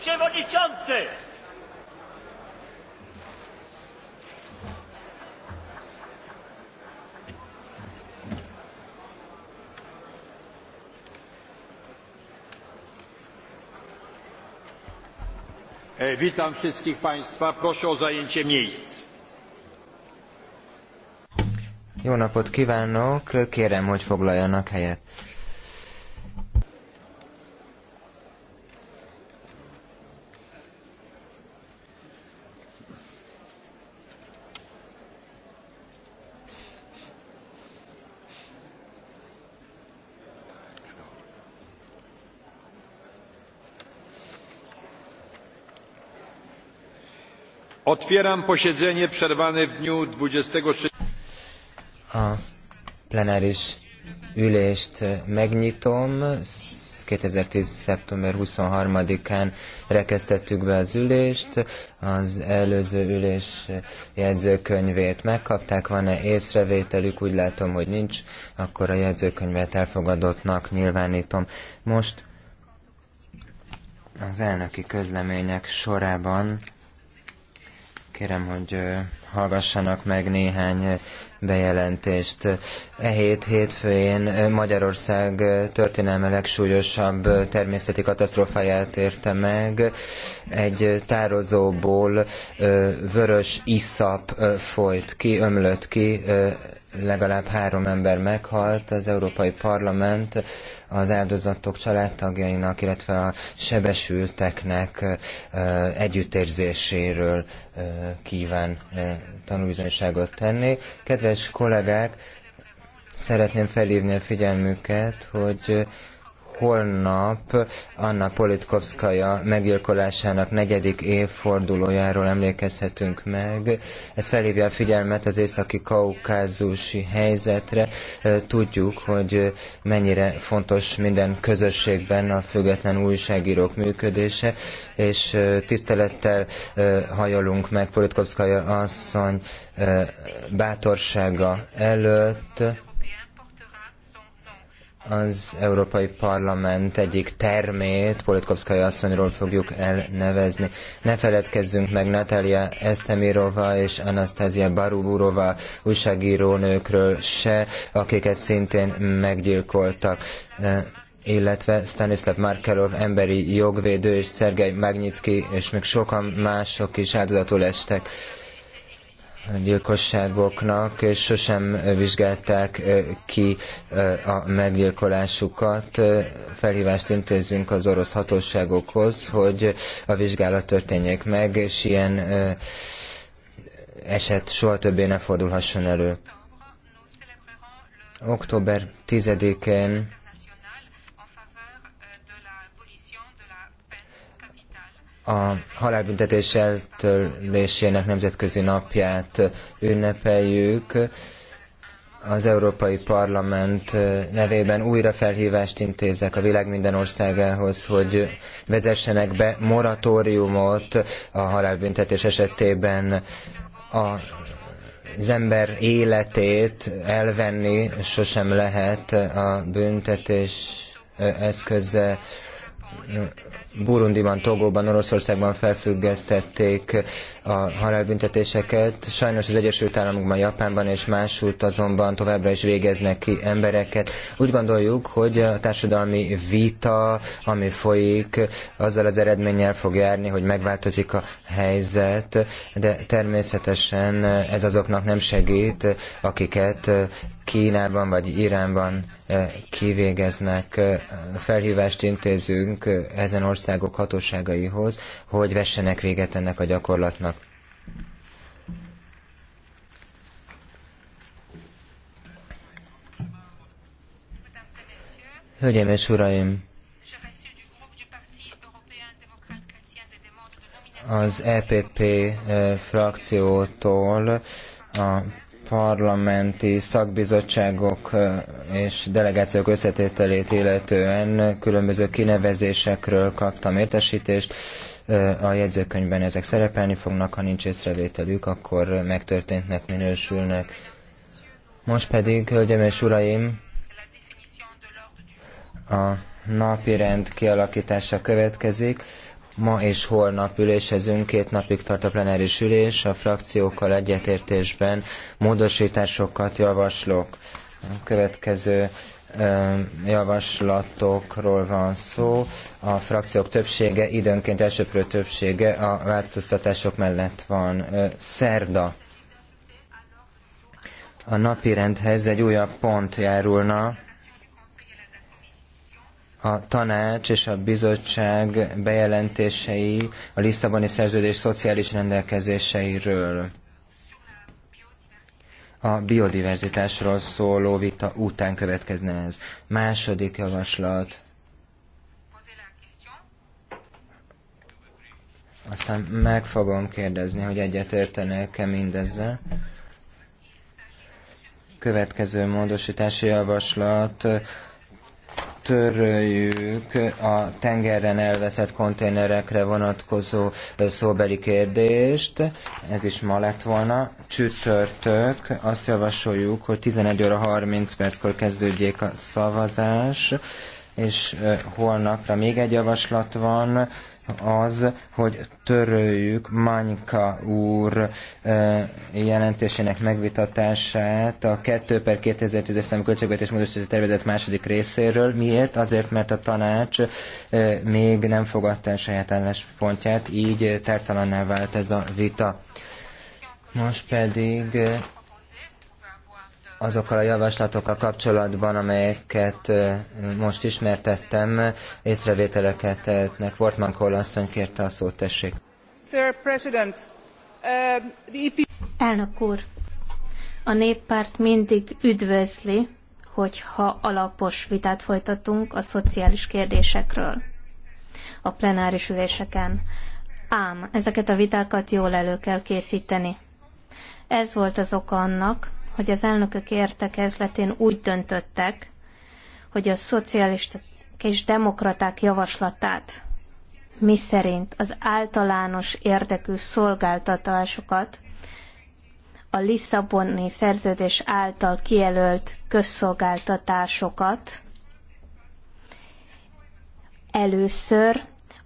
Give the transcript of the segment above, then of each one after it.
przewodniczący! E, witam wszystkich Państwa. Proszę o zajęcie miejsc. Jó napot kívánok! Kérem, hogy foglaljanak helyet. Otwieram posiedzenie przerwane w dniu 23... A plenáris ülést megnyitom. 2010. szeptember 23-án rekesztettük be az ülést. Az előző ülés jegyzőkönyvét megkapták. Van-e észrevételük? Úgy látom, hogy nincs. Akkor a jegyzőkönyvet elfogadottnak nyilvánítom. Most az elnöki közlemények sorában Kérem, hogy hallgassanak meg néhány bejelentést. E hét hétfőjén Magyarország történelme legsúlyosabb természeti katasztrófáját érte meg. Egy tározóból vörös iszap folyt ki, ömlött ki legalább három ember meghalt. Az Európai Parlament az áldozatok családtagjainak, illetve a sebesülteknek együttérzéséről kíván tanulbizonyságot tenni. Kedves kollégák, szeretném felhívni a figyelmüket, hogy holnap Anna Politkovskaja meggyilkolásának negyedik évfordulójáról emlékezhetünk meg. Ez felhívja a figyelmet az északi kaukázusi helyzetre. Tudjuk, hogy mennyire fontos minden közösségben a független újságírók működése, és tisztelettel hajolunk meg Politkovskaja asszony bátorsága előtt, az Európai Parlament egyik termét Politkovszkai asszonyról fogjuk elnevezni. Ne feledkezzünk meg Natalia Esztemirova és Anasztázia Barubúrova újságírónőkről se, akiket szintén meggyilkoltak e, illetve Stanislav Markelov emberi jogvédő és Szergej Magnitsky és még sokan mások is áldozatul estek gyilkosságoknak, és sosem vizsgálták ki a meggyilkolásukat. Felhívást intézünk az orosz hatóságokhoz, hogy a vizsgálat történjék meg, és ilyen eset soha többé ne fordulhasson elő. Október 10-én a halálbüntetés eltörlésének nemzetközi napját ünnepeljük. Az Európai Parlament nevében újra felhívást intézek a világ minden országához, hogy vezessenek be moratóriumot a halálbüntetés esetében a az ember életét elvenni sosem lehet a büntetés eszköze. Burundiban, Togóban, Oroszországban felfüggesztették a halálbüntetéseket. Sajnos az Egyesült Államokban, Japánban és másút azonban továbbra is végeznek ki embereket. Úgy gondoljuk, hogy a társadalmi vita, ami folyik, azzal az eredménnyel fog járni, hogy megváltozik a helyzet, de természetesen ez azoknak nem segít, akiket Kínában vagy Iránban eh, kivégeznek. Felhívást intézünk kérünk ezen országok hatóságaihoz, hogy vessenek véget ennek a gyakorlatnak. Hölgyeim és Uraim! Az EPP frakciótól a parlamenti szakbizottságok és delegációk összetételét illetően különböző kinevezésekről kaptam értesítést. A jegyzőkönyvben ezek szerepelni fognak, ha nincs észrevételük, akkor megtörténtnek, minősülnek. Most pedig, hölgyeim és uraim, a napi rend kialakítása következik. Ma és holnap ülésezünk, két napig tart a plenáris ülés, a frakciókkal egyetértésben módosításokat javaslok. A következő javaslatokról van szó. A frakciók többsége, időnként elsőprő többsége a változtatások mellett van. Szerda. A napirendhez egy újabb pont járulna, a tanács és a bizottság bejelentései a Lisszaboni szerződés szociális rendelkezéseiről. A biodiverzitásról szóló vita után következne ez. Második javaslat. Aztán meg fogom kérdezni, hogy egyetértenek-e mindezzel következő módosítási javaslat töröljük a tengeren elveszett konténerekre vonatkozó szóbeli kérdést. Ez is ma lett volna. Csütörtök. Azt javasoljuk, hogy 11 óra 30 perckor kezdődjék a szavazás, és holnapra még egy javaslat van az, hogy töröljük Manyka úr e, jelentésének megvitatását a 2 per 2010-es számú költségvetés módosítási tervezet második részéről. Miért? Azért, mert a tanács e, még nem fogadta el saját álláspontját, így tártalanná vált ez a vita. Most pedig e, azokkal a javaslatokkal kapcsolatban, amelyeket most ismertettem, észrevételeket tehetnek. Wortmann Kohl asszony kérte a szót, tessék. E Elnök úr, a néppárt mindig üdvözli, hogyha alapos vitát folytatunk a szociális kérdésekről a plenáris üléseken. Ám ezeket a vitákat jól elő kell készíteni. Ez volt az oka annak, hogy az elnökök értekezletén úgy döntöttek, hogy a szocialista és demokraták javaslatát, szerint az általános érdekű szolgáltatásokat a Lisszaboni szerződés által kijelölt közszolgáltatásokat először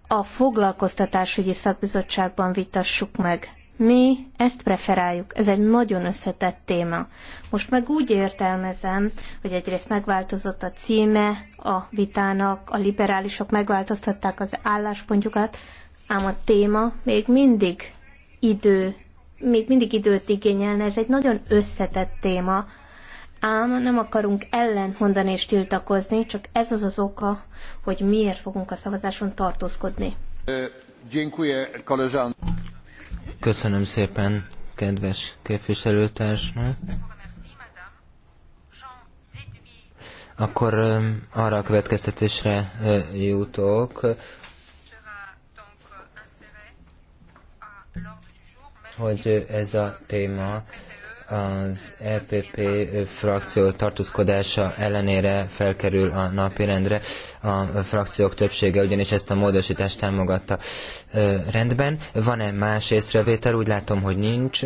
a foglalkoztatásügyi szakbizottságban vitassuk meg. Mi ezt preferáljuk. Ez egy nagyon összetett téma. Most meg úgy értelmezem, hogy egyrészt megváltozott a címe a vitának, a liberálisok megváltoztatták az álláspontjukat, ám a téma még mindig idő, még mindig időt igényelne. Ez egy nagyon összetett téma, ám nem akarunk ellentmondani és tiltakozni, csak ez az az oka, hogy miért fogunk a szavazáson tartózkodni. Dziękuję, koleżanko. Köszönöm szépen, kedves képviselőtársnak. Akkor arra a következtetésre jutok, hogy ez a téma az EPP frakció tartózkodása ellenére felkerül a napirendre. A frakciók többsége ugyanis ezt a módosítást támogatta. Rendben. Van-e más észrevétel? Úgy látom, hogy nincs.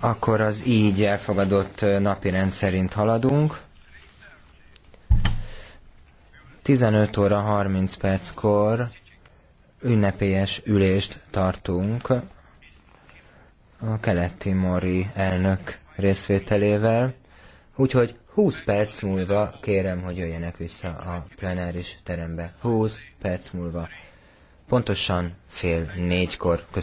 Akkor az így elfogadott napirend szerint haladunk. 15 óra 30 perckor ünnepélyes ülést tartunk a keleti mori elnök részvételével, úgyhogy 20 perc múlva kérem, hogy jöjjenek vissza a plenáris terembe. 20 perc múlva. Pontosan fél négykor. Köszönöm.